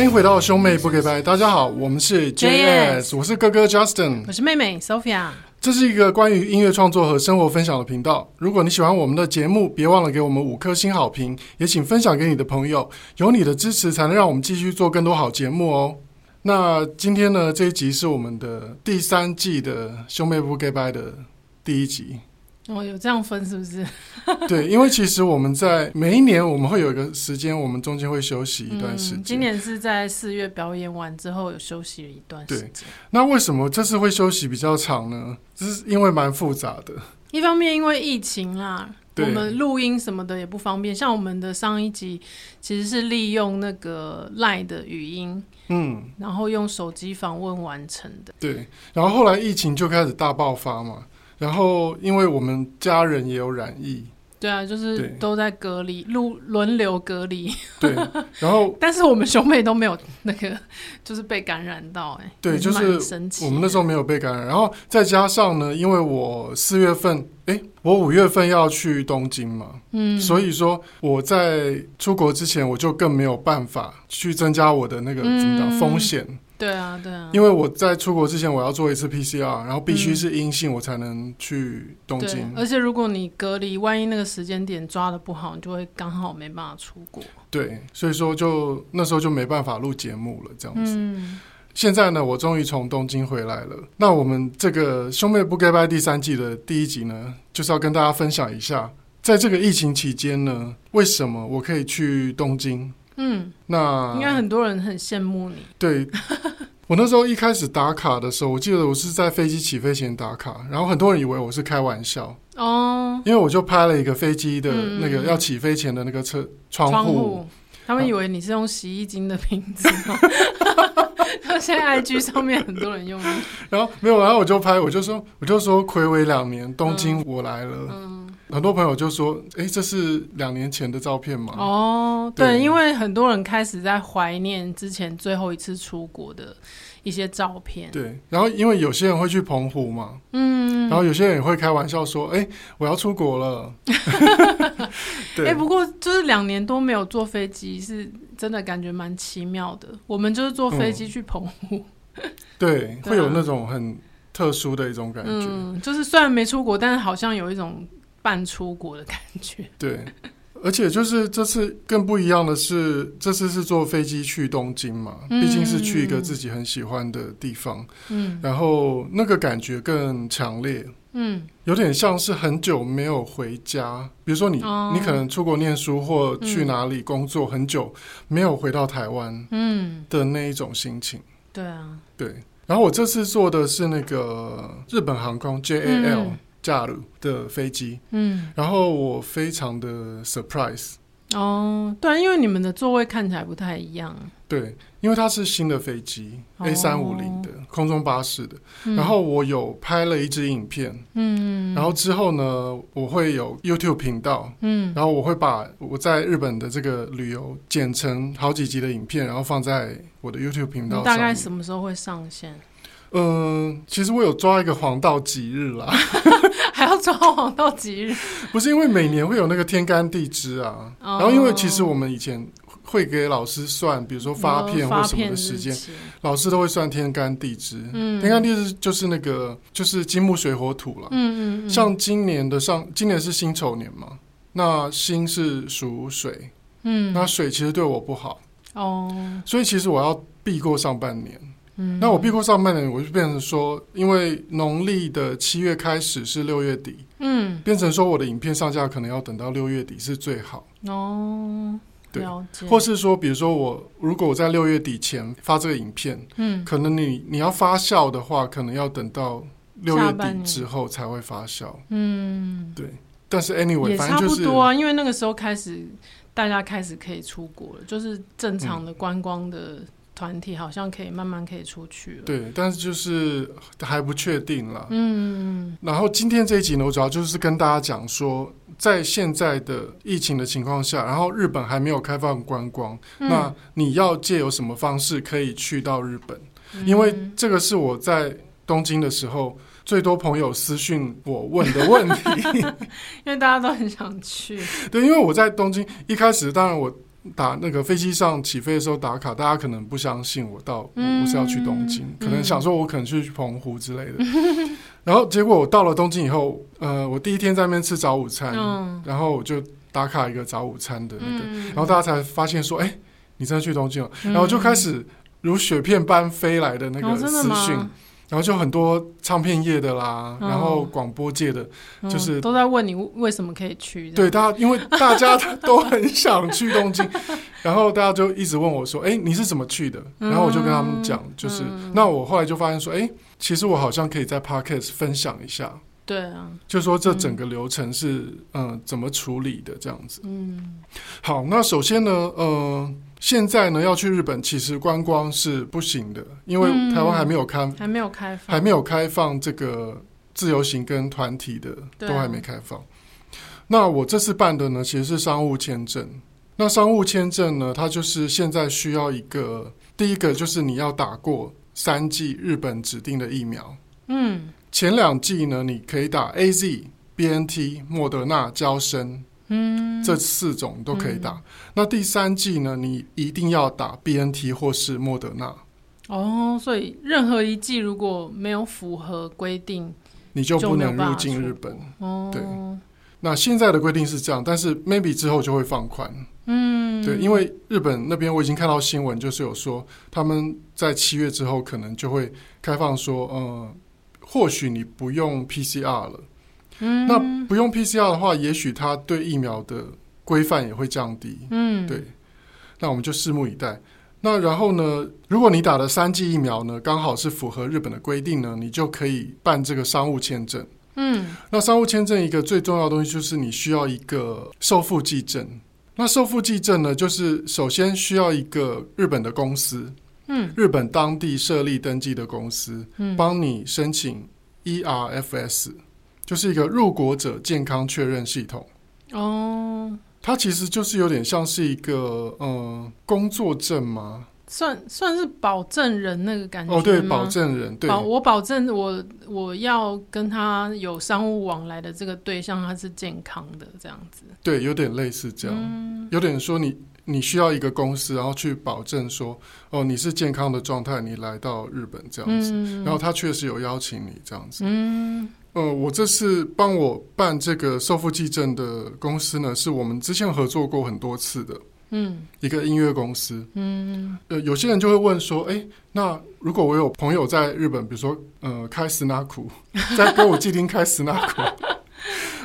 歡迎回到兄妹不給拜，大家好，我們是 JS，我是哥哥 Justin，我是妹妹 Sophia。這是一個關於音樂創作和生活分享的頻道。如果你喜歡我們的節目，別忘了給我們五顆星好評，也請分享給你的朋友。有你的支持，才能讓我們繼續做更多好節目哦。那今天呢，這一集是我們的第三季的兄妹不給拜的第一集。哦，oh, 有這樣分是不是？ 對，因為其實我們在每一年我們會有一個時間，我們中間會休息一段時間，嗯。今年是在四月表演完之後有休息了一段時間。那為什麼這次會休息比較長呢？就是因為蠻複雜的。一方面因為疫情啦，對我們錄音什麼的也不方便。像我們的上一集其實是利用那個 LINE 的語音，嗯，然後用手機訪問完成的。對，然後後來疫情就開始大爆發嘛。然後，因為我們家人也有染疫，對啊，就是都在隔離，輪對輪流隔離。對，然後，但是我們兄妹都沒有那個，就是被感染到，欸，哎，對，是就是我們那時候沒有被感染。然後再加上呢，因為我四月份，哎，我五月份要去東京嘛，嗯，所以說我在出國之前，我就更沒有辦法去增加我的那個、嗯、怎麼講風險。對啊，對啊，因為我在出國之前，我要做一次 PCR，然後必須是陰性，我才能去東京。嗯、對，而且，如果你隔離，萬一那個時間點抓得不好，你就會剛好沒辦法出國。對，所以說就那時候就沒辦法錄節目了，這樣子。嗯、現在呢，我終於從東京回來了。那我們這個兄妹不該掰第三季的第一集呢，就是要跟大家分享一下，在這個疫情期間呢，為什麼我可以去東京。嗯，那應該很多人很羨慕你。對， 我那時候一開始打卡的時候，我記得我是在飛機起飛前打卡，然後很多人以為我是開玩笑哦，因為我就拍了一個飛機的那個要起飛前的那個車嗯嗯窗戶戶，他們以為你是用洗衣精的瓶子。哈 現在 IG 上面很多人用。 然後沒有，然後我就拍，我就說，我就說，暌違兩年，東京，我來了。嗯。嗯很多朋友就說：“哎、欸，這是兩年前的照片嘛哦，oh, 對，對，因為很多人開始在懷念之前最後一次出國的一些照片。對，然後因為有些人會去澎湖嘛，嗯，然後有些人也會開玩笑說：“哎、欸，我要出國了。”哎，不過就是兩年多沒有坐飛機，是真的感覺蠻奇妙的。我們就是坐飛機去澎湖，嗯、對，對啊，會有那種很特殊的一種感覺，嗯、就是雖然沒出國，但是好像有一種。半出國的感覺，對， 而且就是這次更不一樣的是，這次是坐飛機去東京嘛，嗯、畢竟是去一個自己很喜歡的地方，嗯，然後那個感覺更強烈，嗯，有點像是很久沒有回家，嗯、比如說你、哦、你可能出國念書或去哪裡工作、嗯、很久沒有回到台灣，嗯的那一種心情，嗯、對啊，對，然後我這次坐的是那個日本航空 JAL。JAL, 嗯駕路的飛機，嗯，然後我非常的 surprise 哦，對，因為你們的座位看起來不太一樣，對，因為它是新的飛機、哦、A 三五零的、哦、空中巴士的，嗯、然後我有拍了一支影片，嗯，然後之後呢，我會有 YouTube 頻道，嗯，然後我會把我在日本的這個旅遊剪成好幾集的影片，然後放在我的 YouTube 頻道上，大概什麼時候會上線？嗯、呃，其實我有抓一個黃道吉日啦， 還要抓黃道吉日？ 不是，因為每年會有那個天干地支啊，然後因為其實我們以前會給老師算，比如說發片或什麼的時間，老師都會算天干地支。天干地支就是那個就是金木水火土啦。嗯嗯，像今年的上今年是辛丑年嘛，那辛是屬水，嗯，那水其實對我不好哦，所以其實我要避過上半年。嗯、那我閉過上半年，我就變成說，因為農曆的七月開始是六月底，嗯，變成說我的影片上架可能要等到六月底是最好哦，對，了解。或是說，比如說我如果我在六月底前發這個影片，嗯，可能你你要發酵的話，可能要等到六月底之後才會發酵，嗯，對。但是 anyway，差不多啊，反正就是，因為那個時候開始大家開始可以出國了，就是正常的觀光的、嗯。團體好像可以慢慢可以出去了，對，但是就是還不確定了。嗯，然後今天這一集呢，我主要就是跟大家講說，在現在的疫情的情況下，然後日本還沒有開放觀光，嗯、那你要借由什麼方式可以去到日本？嗯、因為這個是我在東京的時候最多朋友私訊我問的問題， 因為大家都很想去。對，因為我在東京一開始，當然我。打那個飛機上起飛的時候打卡，大家可能不相信我到，我不是要去東京，嗯、可能想說我可能去澎湖之類的。嗯、然後結果我到了東京以後，呃，我第一天在那邊吃早午餐，嗯、然後我就打卡一個早午餐的那個，嗯、然後大家才發現說，哎、嗯欸，你真的去東京了，嗯、然後就開始如雪片般飛來的那個資訊。哦然後就很多唱片業的啦，嗯、然後廣播界的，就是、嗯嗯、都在問你為什麼可以去。對，大家因為大家都很想去東京， 然後大家就一直問我說：“哎、欸，你是怎麼去的？”嗯、然後我就跟他們講，就是、嗯、那我後來就發現說：“哎、欸，其實我好像可以在 podcast 分享一下。”對啊，就說這整個流程是嗯、嗯怎麼處理的這樣子。嗯，好，那首先呢，嗯、呃。現在呢，要去日本，其實觀光是不行的，因為台灣還沒有開、嗯，還沒有開放，還沒有開放這個自由行跟團體的對都還沒開放。那我這次辦的呢，其實是商務簽證。那商務簽證呢，它就是現在需要一個，第一個就是你要打過三劑日本指定的疫苗。嗯，前兩劑呢，你可以打 AZ、BNT、莫德納、嬌生。嗯，這四種都可以打。嗯、那第三劑呢？你一定要打 BNT 或是莫德納。哦，所以任何一劑如果沒有符合規定，你就不能入境日本。哦，對。那現在的規定是這樣，但是 maybe 之後就會放寬。嗯，對，因為日本那邊我已經看到新聞，就是有說他們在七月之後可能就會開放說，說、呃、嗯，或許你不用 PCR 了。嗯、那不用 PCR 的話，也許它對疫苗的規範也會降低。嗯，對。那我們就拭目以待。那然後呢？如果你打了三劑疫苗呢，剛好是符合日本的規定呢，你就可以辦這個商務簽證。嗯，那商務簽證一個最重要的東西就是你需要一個受付寄證。那受付寄證呢，就是首先需要一個日本的公司，嗯、日本當地設立登記的公司，嗯、幫你申請 ERFS。就是一個入國者健康確認系統哦，oh, 它其實就是有點像是一個呃工作證嗎？算，算是保證人那個感覺哦，oh, 對，保證人對，我保證我我要跟他有商務往來的這個對象，他是健康的這樣子，對，有點類似這樣，嗯、有點說你你需要一個公司，然後去保證說哦，你是健康的狀態，你來到日本這樣子，嗯、然後他確實有邀請你這樣子，嗯。呃，我這次幫我辦這個受付濟證的公司呢，是我們之前合作過很多次的，嗯，一個音樂公司，嗯、呃，有些人就會問說，哎、欸，那如果我有朋友在日本，比如說呃，開斯納庫，在歌舞伎町開斯納庫，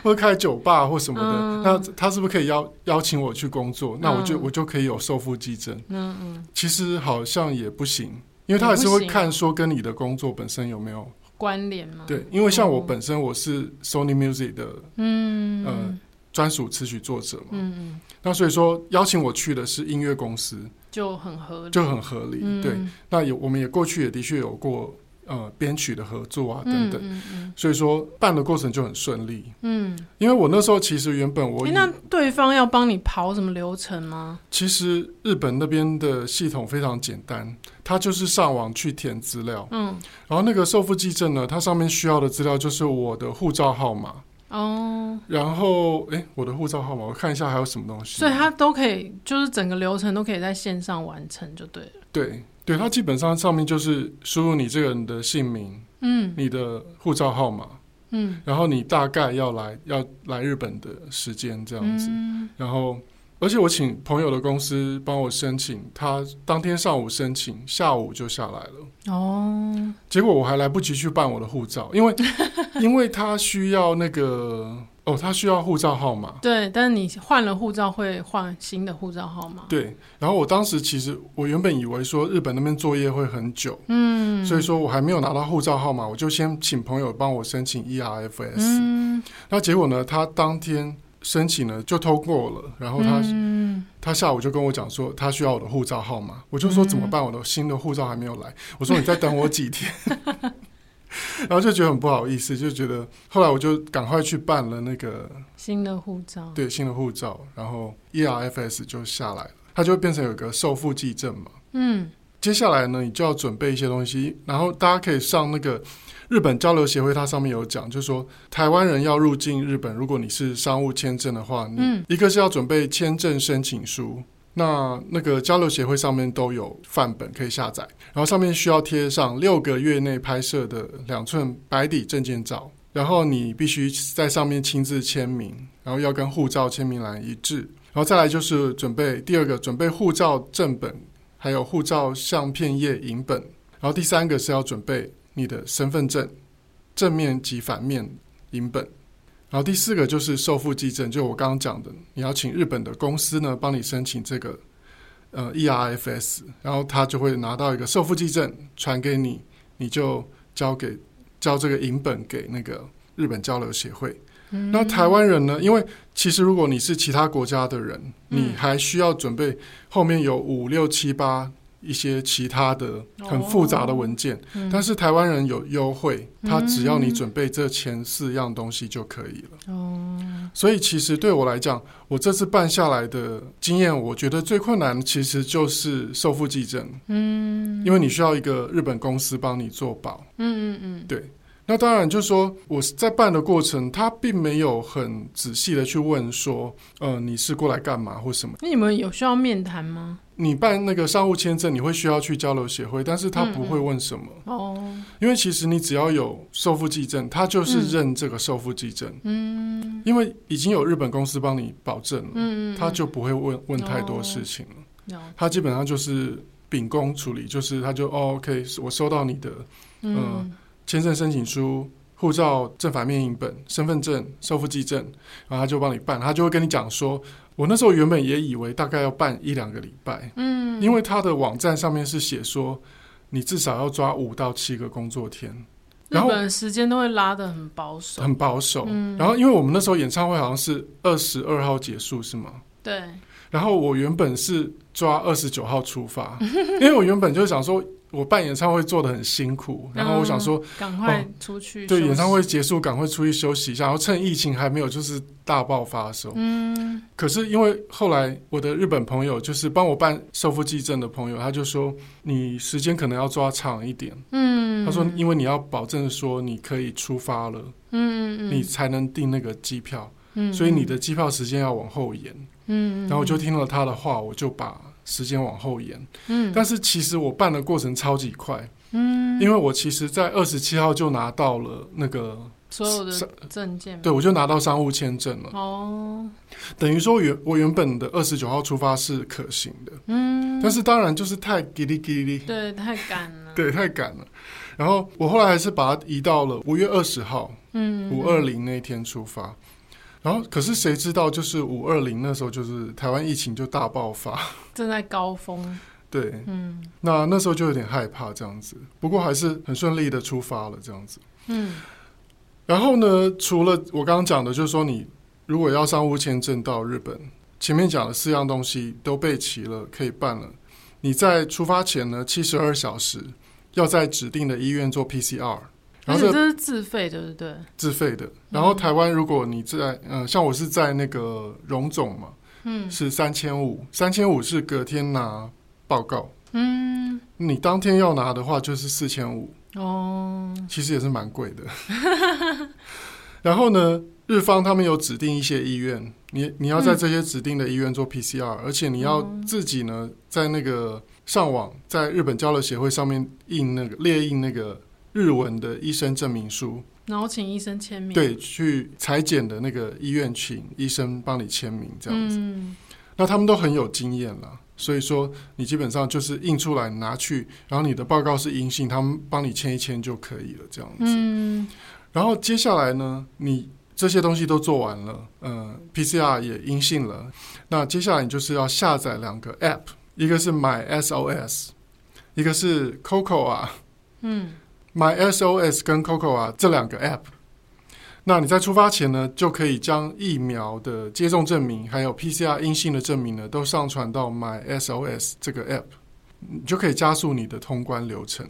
或開酒吧或什麼的，嗯、那他是不是可以邀邀請我去工作？那我就、嗯、我就可以有受付濟證？嗯嗯、其實好像也不行，因為他還是會看說跟你的工作本身有沒有。關聯嗎？對，因為像我本身我是 Sony Music 的，嗯，呃，專屬詞曲作者嘛，嗯，那所以說邀請我去的是音樂公司，就很合理，就很合理。嗯、對，那有我們也過去也的確有過。呃，編曲的合作啊，等等，嗯嗯嗯、所以說辦的過程就很順利。嗯，因為我那時候其實原本我、欸，那對方要幫你跑什麼流程嗎？其實日本那邊的系統非常簡單，他就是上網去填資料。嗯，然後那個受付濟證呢，它上面需要的資料就是我的護照號碼。哦，然後、欸、我的護照號碼，我看一下還有什麼東西。所以它都可以，就是整個流程都可以在線上完成就對了。對。對，它基本上上面就是輸入你這個人的姓名，嗯，你的護照號碼，嗯，然後你大概要來要來日本的時間這樣子，嗯。然後而且我請朋友的公司幫我申請，他當天上午申請，下午就下來了。哦，結果我還來不及去辦我的護照，因為 因為他需要那個。哦，oh, 他需要護照號碼。對，但是你換了護照，會換新的護照號碼。對，然後我當時其實我原本以為說日本那邊作業會很久，嗯，所以說我還沒有拿到護照號碼，我就先請朋友幫我申請 ERFS。嗯，那結果呢，他當天申請了就通過了，然後他、嗯、他下午就跟我講說他需要我的護照號碼，我就說怎麼辦？我的新的護照還沒有來，我說你再等我幾天。 然後就覺得很不好意思，就覺得後來我就趕快去辦了那個新的護照，對，新的護照，然後 ERFS 就下來了，它就變成有個受付濟證嘛。嗯，接下來呢，你就要準備一些東西，然後大家可以上那個日本交流協會，它上面有講，就是說台灣人要入境日本，如果你是商務簽證的話，你、嗯、一個是要準備簽證申請書。那那個交流協會上面都有範本可以下載，然後上面需要貼上六個月內拍攝的兩寸白底證件照，然後你必須在上面親自簽名，然後要跟護照簽名欄一致，然後再來就是準備第二個，準備護照正本，還有護照相片頁影本，然後第三個是要準備你的身份證正面及反面影本。然後第四個就是受付寄證，就我剛剛講的，你要請日本的公司呢幫你申請這個呃 ERFS，然後他就會拿到一個受付寄證傳給你，你就交給交這個銀本給那個日本交流協會。嗯嗯，那台灣人呢？因為其實如果你是其他國家的人，你還需要準備後面有五六七八。一些其他的很複雜的文件，oh, 但是台灣人有優惠，嗯、他只要你準備這前四樣東西就可以了。哦、嗯，嗯、所以其實對我來講，我這次辦下來的經驗，我覺得最困難的其實就是受付濟證。嗯，因為你需要一個日本公司幫你做保。嗯嗯嗯，嗯嗯對。那當然就是說，我在辦的過程，他並沒有很仔細的去問說，呃，你是過來幹嘛或什麼？那你們有需要面談嗎？你辦那個商務簽證，你會需要去交流協會，但是他不會問什麼，嗯嗯哦、因為其實你只要有受付濟證，他就是認這個受付濟證，嗯，因為已經有日本公司幫你保證了，嗯，嗯他就不會問問太多事情了，嗯嗯哦、他基本上就是秉公處理，就是他就、哦、OK，我收到你的，嗯、呃，簽證申請書。護照正反面影本、身份證、受付濟證，然後他就幫你辦，他就會跟你講說：“我那時候原本也以為大概要辦一兩個禮拜，嗯，因為他的網站上面是寫說你至少要抓五到七個工作天，然後日本時間都會拉得很保守，很保守。嗯，然後因為我們那時候演唱會好像是二十二號結束，是嗎？對。然後我原本是抓二十九號出發， 因為我原本就想說。我辦演唱會做得很辛苦，嗯、然後我想說趕趕快、哦、出去。對，演唱會結束趕快出去休息一下，然後趁疫情還沒有就是大爆發的時候。嗯、可是因為後來我的日本朋友，就是幫我辦受付済証的朋友，他就說你時間可能要抓長一點。嗯。他說，因為你要保證說你可以出發了，嗯，嗯你才能訂那個機票，嗯、所以你的機票時間要往後延。嗯。然後我就聽了他的話，我就把。時間往後延，嗯，但是其實我辦的過程超級快，嗯，因為我其實，在二十七號就拿到了那個所有的證件，對，我就拿到商務簽證了，哦，等於說我原我原本的二十九號出發是可行的，嗯，但是當然就是太ギリギリ，對，太趕了， 對，太趕了，然後我後來還是把它移到了五月二十號，嗯，嗯，嗯，五二零那天出發。然後，可是誰知道，就是五二零那時候，就是台灣疫情就大爆發，正在高峰。 對，嗯，那那時候就有點害怕這樣子。不過還是很順利的出發了這樣子。嗯，然後呢，除了我剛剛講的，就是說你如果要商務簽證到日本，前面講的四樣東西都備齊了，可以辦了。你在出發前呢，七十二小時要在指定的醫院做 PCR。然後而且這是自費的，對不對？自費的。然後台灣，如果你在，嗯、呃，像我是在那個榮總嘛，嗯，是三千五，三千五是隔天拿報告，嗯，你當天要拿的話就是四千五哦，其實也是蠻貴的。 然後呢，日方他們有指定一些醫院，你你要在這些指定的醫院做 PCR、嗯、而且你要自己呢在那個上網，在日本交流協會上面印那個列印那個。日文的醫生證明書，然後請醫生簽名。對，去採檢的那個醫院，請醫生幫你簽名，這樣子。嗯、那他們都很有經驗了，所以說你基本上就是印出來拿去，然後你的報告是陰性，他們幫你簽一簽就可以了，這樣子。嗯、然後接下來呢，你這些東西都做完了，嗯、呃、，PCR 也陰性了，那接下來你就是要下載兩個 app，一個是 MySOS，一個是 Cocoa 啊，嗯。MySOS 跟 COCOA 啊，這兩個 App，那你在出發前呢，就可以將疫苗的接種證明，還有 PCR 陰性的證明呢，都上傳到 MySOS 這個 App，你就可以加速你的通關流程。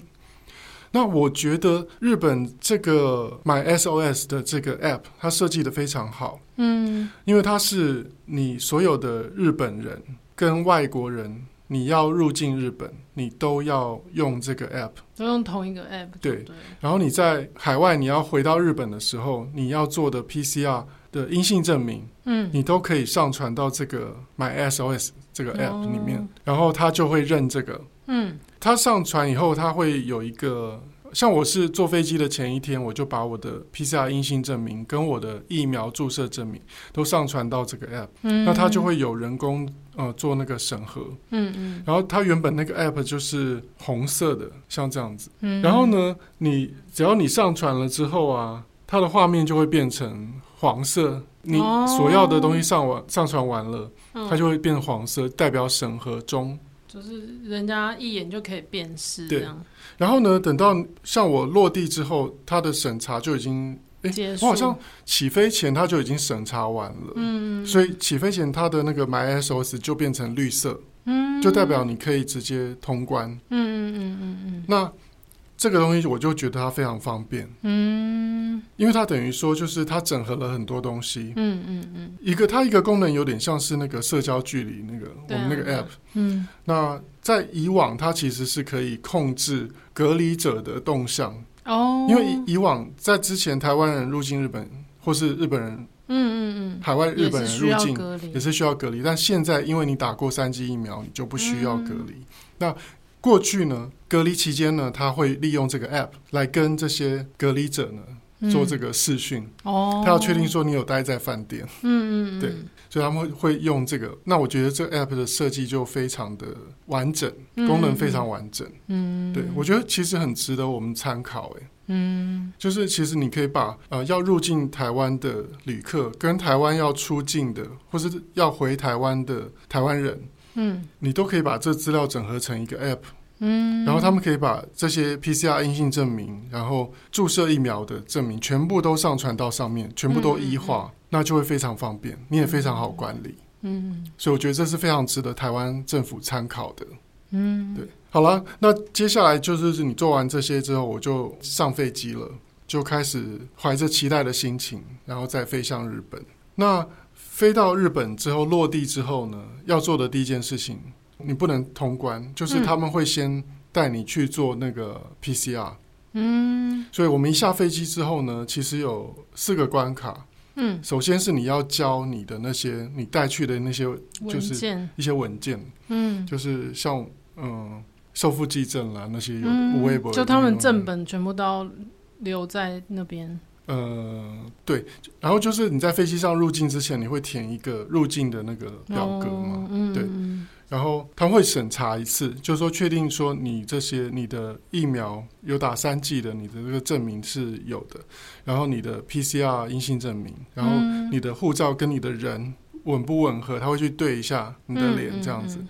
那我覺得日本這個 MySOS 的這個 App，它設計得非常好，嗯，因為它是你所有的日本人跟外國人。你要入境日本，你都要用這個 app，都用同一個 app 對。對，然後你在海外，你要回到日本的時候，你要做的 PCR 的陰性證明，嗯，你都可以上傳到這個 MySOS 這個 app 裡面，哦，然後它就會認這個。嗯，它上傳以後，它會有一個。像我是坐飛機的前一天，我就把我的 PCR 陰性證明跟我的疫苗注射證明都上傳到這個 app，、嗯、那它就會有人工呃做那個審核。嗯嗯。嗯，然後它原本那個 app 就是紅色的，像這樣子。嗯。然後呢，你只要你上傳了之後啊，它的畫面就會變成黃色。你所要的東西上完、哦、上傳完了，它就會變成黃色，代表審核中。就是人家一眼就可以辨識，對。然後呢，等到像我落地之後，他的審查就已經、欸、結束。我好像起飛前他就已經審查完了，嗯，嗯。所以起飛前他的那個 MySOS 就變成綠色，嗯，嗯，就代表你可以直接通關，嗯嗯嗯嗯嗯。那。這個東西我就覺得它非常方便，嗯，因為它等於說就是它整合了很多東西，嗯嗯嗯，嗯嗯一個它一個功能有點像是那個社交距離那個、嗯、我們那個 app，嗯，那在以往它其實是可以控制隔離者的動向，哦，因為以往在之前台灣人入境日本或是日本人，嗯嗯嗯，海外日本人入境也是需要隔離，但現在因為你打過三劑疫苗，你就不需要隔離，嗯、那。過去呢，隔離期間呢，他會利用這個 app 來跟這些隔離者呢做這個視訊、嗯、哦，他要確定說你有待在飯店，嗯嗯嗯，對，所以他們會用這個。那我覺得這個 app 的設計就非常的完整，嗯、功能非常完整，嗯，對，我覺得其實很值得我們參考、欸，哎，嗯，就是其實你可以把呃要入境台灣的旅客跟台灣要出境的或是要回台灣的台灣人，嗯，你都可以把這資料整合成一個 app。嗯，然後他們可以把這些 PCR 陰性證明，然後注射疫苗的證明，全部都上傳到上面，全部都 e 化，嗯嗯嗯、那就會非常方便，你也非常好管理。嗯，嗯所以我覺得這是非常值得台灣政府參考的。嗯，對。好了，那接下來就是你做完這些之後，我就上飛機了，就開始懷着期待的心情，然後再飛向日本。那飛到日本之後，落地之後呢，要做的第一件事情。你不能通關，就是他們會先帶你去做那個 PCR。嗯，所以我們一下飛機之後呢，其實有四個關卡。嗯，首先是你要交你的那些你帶去的那些，就是一些文件。文件嗯，就是像嗯，收复記證啦那些，嗯，就他們正本全部都留在那邊。呃，對，然後就是你在飛機上入境之前，你會填一個入境的那個表格嘛？哦嗯、對，然後他會審查一次，就是說確定說你這些你的疫苗有打三劑的，你的這個證明是有的，然後你的 PCR 陰性證明，然後你的護照跟你的人吻不吻合，他會去對一下你的臉這樣子。嗯嗯嗯、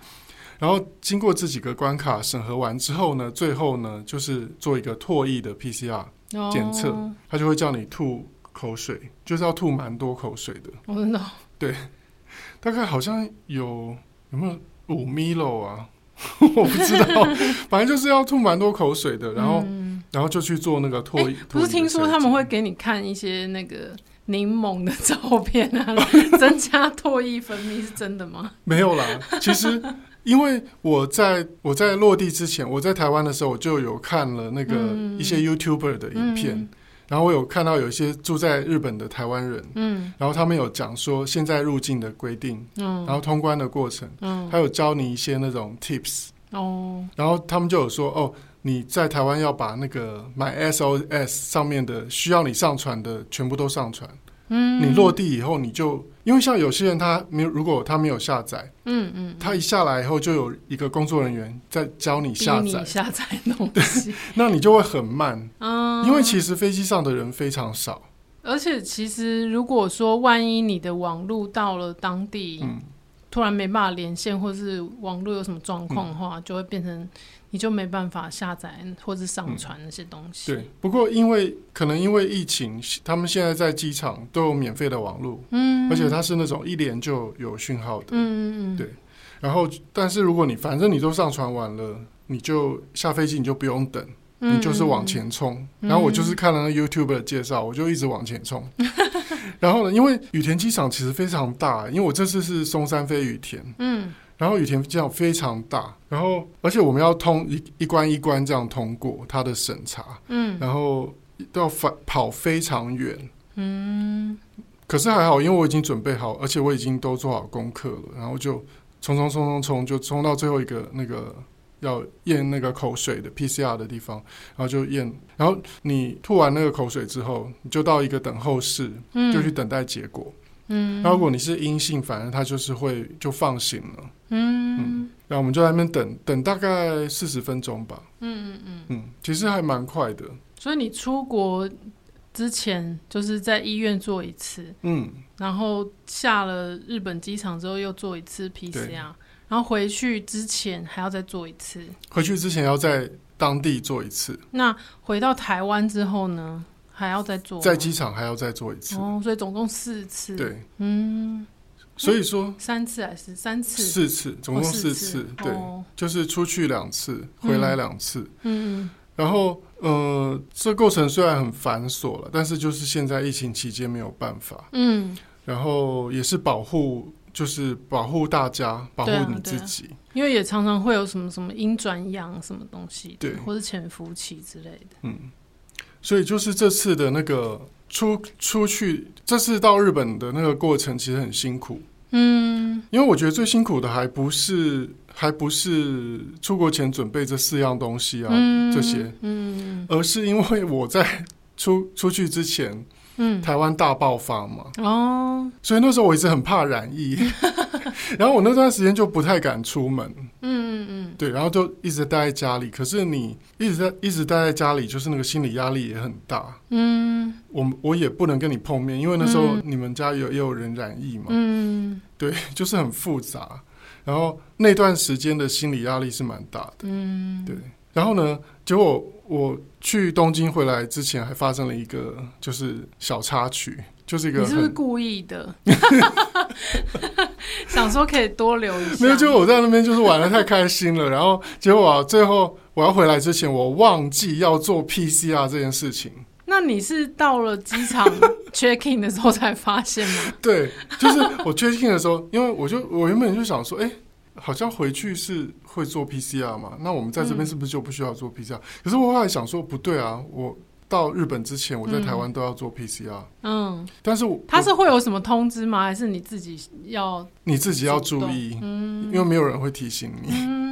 然後經過這幾個關卡審核完之後呢，最後呢就是做一個唾液的 PCR。檢測、oh，他就會叫你吐口水，就是要吐蠻多口水的。真的，對，大概好像有有沒有五米咯啊呵呵。我不知道，反正 就是要吐蠻多口水的，然後、嗯、然後就去做那個唾液。欸、不是聽說他們會給你看一些那個檸檬的照片啊， 增加唾液分泌是真的嗎？沒有啦，其實。 因為我在我在落地之前，我在台灣的時候，我就有看了那個一些 YouTuber 的影片，嗯，嗯，然後我有看到有一些住在日本的台灣人，嗯，然後他們有講說現在入境的規定，嗯，然後通關的過程，嗯，還有教你一些那種 tips，哦，然後他們就有說哦，你在台灣要把那個 MySOS 上面的需要你上傳的全部都上傳。嗯，你落地以後，你就因為像有些人他沒有，如果他沒有下載，嗯嗯，他一下來以後就有一個工作人員在教你下載、下載東西，對，那你就會很慢，嗯，因為其實飛機上的人非常少，而且其實如果說萬一你的網路到了當地，嗯。突然沒辦法連線，或是網絡有什麼狀況的話，就會變成你就沒辦法下載或是上傳那些東西。嗯。對，不過因為可能因為疫情，他們現在在機場都有免費的網絡，嗯，而且它是那種一連就有訊號的，嗯嗯嗯。嗯嗯對，然後但是如果你反正你都上傳完了，你就下飛機你就不用等。你就是往前衝，嗯嗯嗯，然後我就是看了那 YouTube 的介紹，嗯嗯我就一直往前衝。 然後呢，因為羽田機場其實非常大，欸，因為我這次是松山飛羽田，嗯，然後羽田機場非常大，然後而且我們要通一一關一關這樣通過它的審查，嗯，然後都要反跑非常遠，嗯，可是還好，因為我已經準備好，而且我已經都做好功課了，然後就衝衝衝衝衝，衝，就衝到最後一個那個。要驗那個口水的 PCR 的地方，然後就驗，然後你吐完那個口水之後，你就到一個等候室，嗯、就去等待結果。嗯，然後如果你是陰性，反而他就是會就放行了。嗯，嗯，然後我們就在那邊等等，等大概四十分鐘吧。嗯嗯嗯嗯，其實還蠻快的。所以你出國之前就是在醫院做一次，嗯，然後下了日本機場之後又做一次 PCR。然後回去之前還要再做一次。回去之前要在當地做一次。那回到台灣之後呢？還要再做。在機場還要再做一次。哦，所以總共四次。對，嗯。所以說、嗯、三次還是三次？四次，總共四次。哦、四次對，哦、就是出去兩次，回來兩次。嗯。嗯嗯。然後，呃，這過程雖然很繁瑣了，但是就是現在疫情期間沒有辦法。嗯。然後也是保護，就是保護大家，保護你自己，對啊對啊，因為也常常會有什麼什麼陰轉陽什麼東西，對，或者潛伏期之類的，嗯，所以就是這次的那個出出去，這次到日本的那個過程其實很辛苦，嗯，因為我覺得最辛苦的還不是還不是出國前準備這四樣東西啊，嗯，這些，嗯，而是因為我在出出去之前。台灣大爆發嘛，哦，所以那時候我一直很怕染疫， 然後我那段時間就不太敢出門，嗯嗯，對，然後就一直待在家裡。可是你一直在一直待在家裡，就是那個心理壓力也很大。嗯，我我也不能跟你碰面，因為那時候你們家有也有人染疫嘛，嗯，對，就是很複雜。然後那段時間的心理壓力是蠻大的，嗯，對。然後呢，結果。我去東京回來之前，還發生了一個就是小插曲，就是一個你是不是故意的？ 想說可以多留一下。沒有，就我在那邊就是玩得太開心了， 然後結果、啊、最後我要回來之前，我忘記要做 PCR 這件事情。那你是到了機場 checking 的時候才發現嗎？ 對，就是我 checking 的時候，因為我就我原本就想說，哎、欸。好像回去是會做 PCR 嘛？那我們在這邊是不是就不需要做 PCR？嗯，可是我後來想說，不對啊！我到日本之前，我在台灣都要做 PCR。嗯，但是我他是會有什麼通知嗎？還是你自己要你自己要注意，嗯，因為沒有人會提醒你。嗯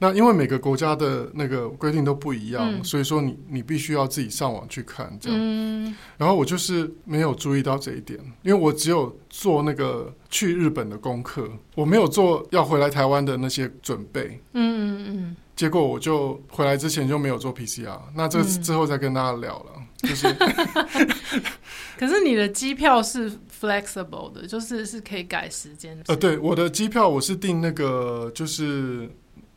那因為每個國家的那個規定都不一樣，嗯、所以說你你必須要自己上網去看這樣。嗯、然後我就是沒有注意到這一點，因為我只有做那個去日本的功課，我沒有做要回來台灣的那些準備。嗯嗯嗯。結果我就回來之前就沒有做 PCR，那這之後再跟大家聊了。嗯、就是。 可是你的機票是 flexible 的，就是是可以改時間。呃，對，我的機票我是訂那個就是。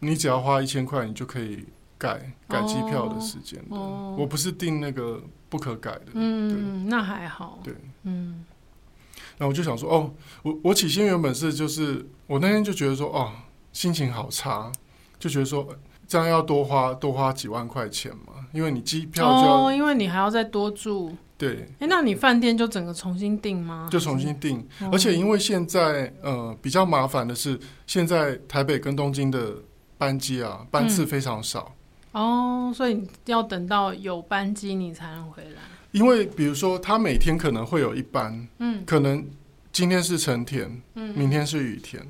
你只要花一千塊，你就可以改改機票的時間。哦，oh, oh, 我不是訂那個不可改的。嗯，對，那還好。對，嗯。那我就想說，哦，我我起先原本是就是，我那天就覺得說，哦，心情好差，就覺得說這樣要多花多花幾萬塊錢嘛，因為你機票就要哦，oh, 因為你還要再多住。對，哎、欸，那你飯店就整個重新訂嗎？就重新訂，oh. 而且因為現在呃比較麻煩的是，現在台北跟東京的班機啊，班次非常少哦，嗯 oh, 所以你要等到有班機你才能回來。因為比如說，他每天可能會有一班，嗯，可能今天是晴天，嗯，嗯，明天是雨天，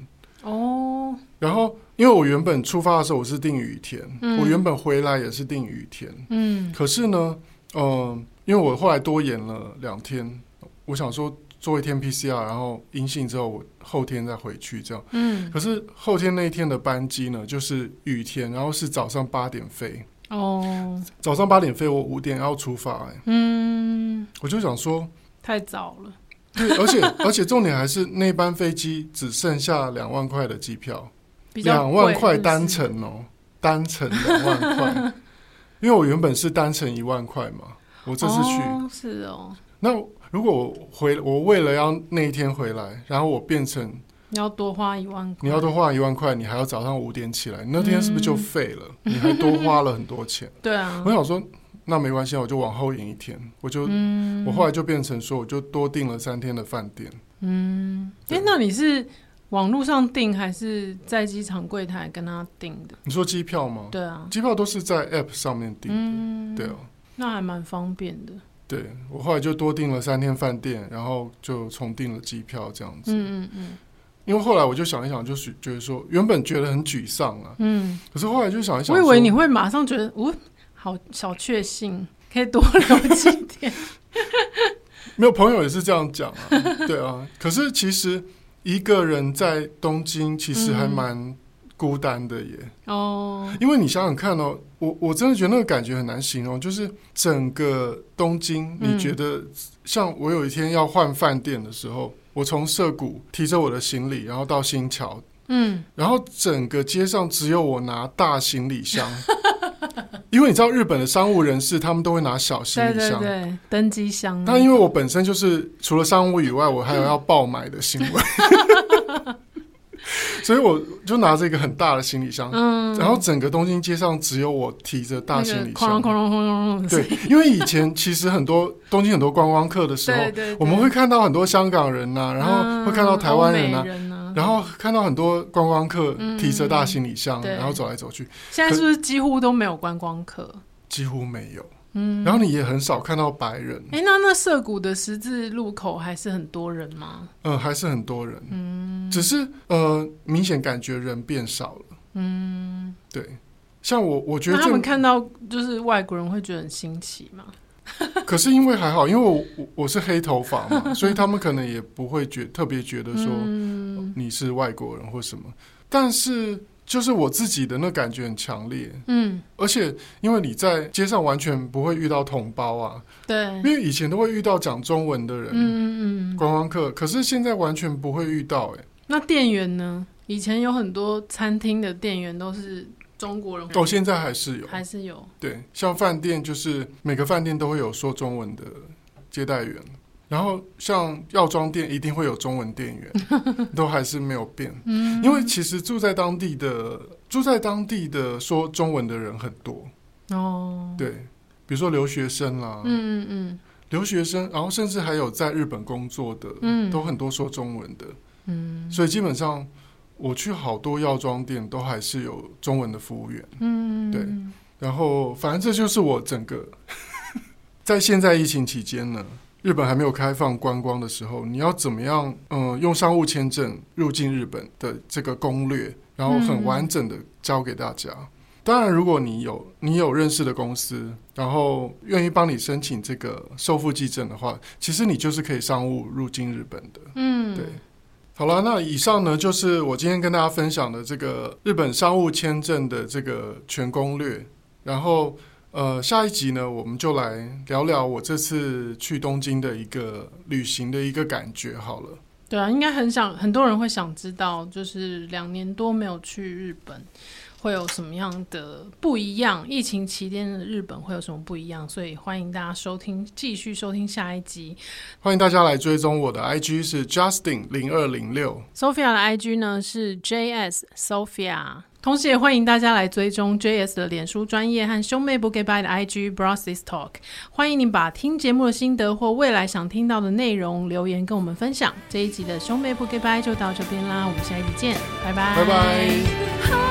哦。然後，因為我原本出發的時候我是定雨天，嗯、我原本回來也是定雨天，嗯。可是呢，嗯、呃，因為我後來多延了兩天，我想說。做一天 PCR，然後陰性之後，我後天再回去這樣。嗯，可是後天那一天的班機呢，就是雨天，然後是早上八點飛。哦，早上八點飛，我五點要出發哎、欸。嗯，我就想說，太早了。對，而且而且重點還是 那班飛機只剩下兩萬塊的機票，兩萬塊單程哦、喔，是單程兩萬塊。 因為我原本是單程一萬塊嘛，我這次去哦是哦，那。如果我回我為了要那一天回來，然後我變成你要多花一萬，你要多花一萬塊，你還要早上五點起來，那天是不是就廢了？嗯、你還多花了很多錢。 對啊，我想說那沒關係，我就往後延一天，我就、嗯、我後來就變成說，我就多訂了三天的飯店。嗯，哎對，那你是網絡上訂還是在機場櫃台跟他訂的？你說機票嗎？對啊，機票都是在 App 上面訂的。嗯、對哦、啊，那還蠻方便的。對我後來就多訂了三天飯店，然後就重訂了機票這樣子。嗯嗯，因為後來我就想一想就，就，就是覺得說，原本覺得很沮喪啊。嗯。可是後來就想一想，我以為你會馬上覺得，哦，好，小確幸，可以多留幾天。 沒有朋友也是這樣講啊。對啊，可是其實一個人在東京，其實還蠻。嗯孤單的耶哦，oh. 因為你想想看哦、喔，我我真的覺得那個感覺很難形容，就是整個東京，你覺得像我有一天要換飯店的時候，嗯、我從澀谷提着我的行李，然後到新橋，嗯，然後整個街上只有我拿大行李箱， 因為你知道日本的商務人士他們都會拿小行李箱，對對對，登機箱、那個。但因為我本身就是除了商務以外，我還有要爆買的行為。 所以我就拿着一個很大的行李箱，嗯、然後整個東京街上只有我提着大行李箱，哐隆哐隆哐隆，對，因為以前其實很多 東京很多觀光客的時候，對對對，我們會看到很多香港人吶、啊，然後會看到台灣人吶、啊，嗯、然後看到很多觀光客提着大行李箱，嗯、然後走來走去。現在是不是幾乎都沒有觀光客？幾乎沒有。嗯，然後你也很少看到白人。哎，那那澀谷的十字路口還是很多人嗎？嗯，還是很多人。嗯，只是呃，明顯感覺人變少了。嗯，對。像我，我覺得他們看到就是外國人會覺得很新奇嗎？ 可是因為還好，因為我我我是黑頭髮嘛， 所以他們可能也不會覺得特別覺得說你是外國人或什麼。嗯，但是。就是我自己的那感覺很強烈，嗯，而且因為你在街上完全不會遇到同胞啊，對，因為以前都會遇到講中文的人，嗯，嗯嗯，觀光客，可是現在完全不會遇到，欸，哎，那店員呢？以前有很多餐廳的店員都是中國人，到現在還是有，還是有，對，像飯店就是每個飯店都會有說中文的接待員。然後，像藥妝店一定會有中文店員， 都還是沒有變。嗯嗯，因為其實住在當地的、住在當地的說中文的人很多哦。對，比如說留學生啦，嗯嗯，嗯，留學生，然後甚至還有在日本工作的，嗯嗯，都很多說中文的。嗯嗯，所以基本上我去好多藥妝店都還是有中文的服務員。嗯，嗯，對。然後，反正這就是我整個 在現在疫情期間呢。日本還沒有開放觀光的時候，你要怎麼樣？嗯，用商務簽證入境日本的這個攻略，然後很完整的教給大家。嗯、當然，如果你有你有認識的公司，然後願意幫你申請這個受付濟證的話，其實你就是可以商務入境日本的。嗯，對。好了，那以上呢就是我今天跟大家分享的這個日本商務簽證的這個全攻略，然後，呃，下一集呢，我們就來聊聊我這次去東京的一個旅行的一個感覺好了。對啊，應該很想很多人會想知道，就是兩年多沒有去日本，會有什麼樣的不一樣？疫情期間的日本會有什麼不一樣？所以歡迎大家收聽，繼續收聽下一集。歡迎大家來追蹤我的 IG 是 Justin 0206，Sophia 的 IG 呢是 JS Sophia。同時也歡迎大家來追蹤 J.S. 的臉書專頁和兄妹不給拜的 IG Bro Sis Talk。歡迎您把聽節目的心得或未來想聽到的內容留言跟我們分享。這一集的兄妹不給拜就到這邊啦，我們下一集見，拜拜。拜拜。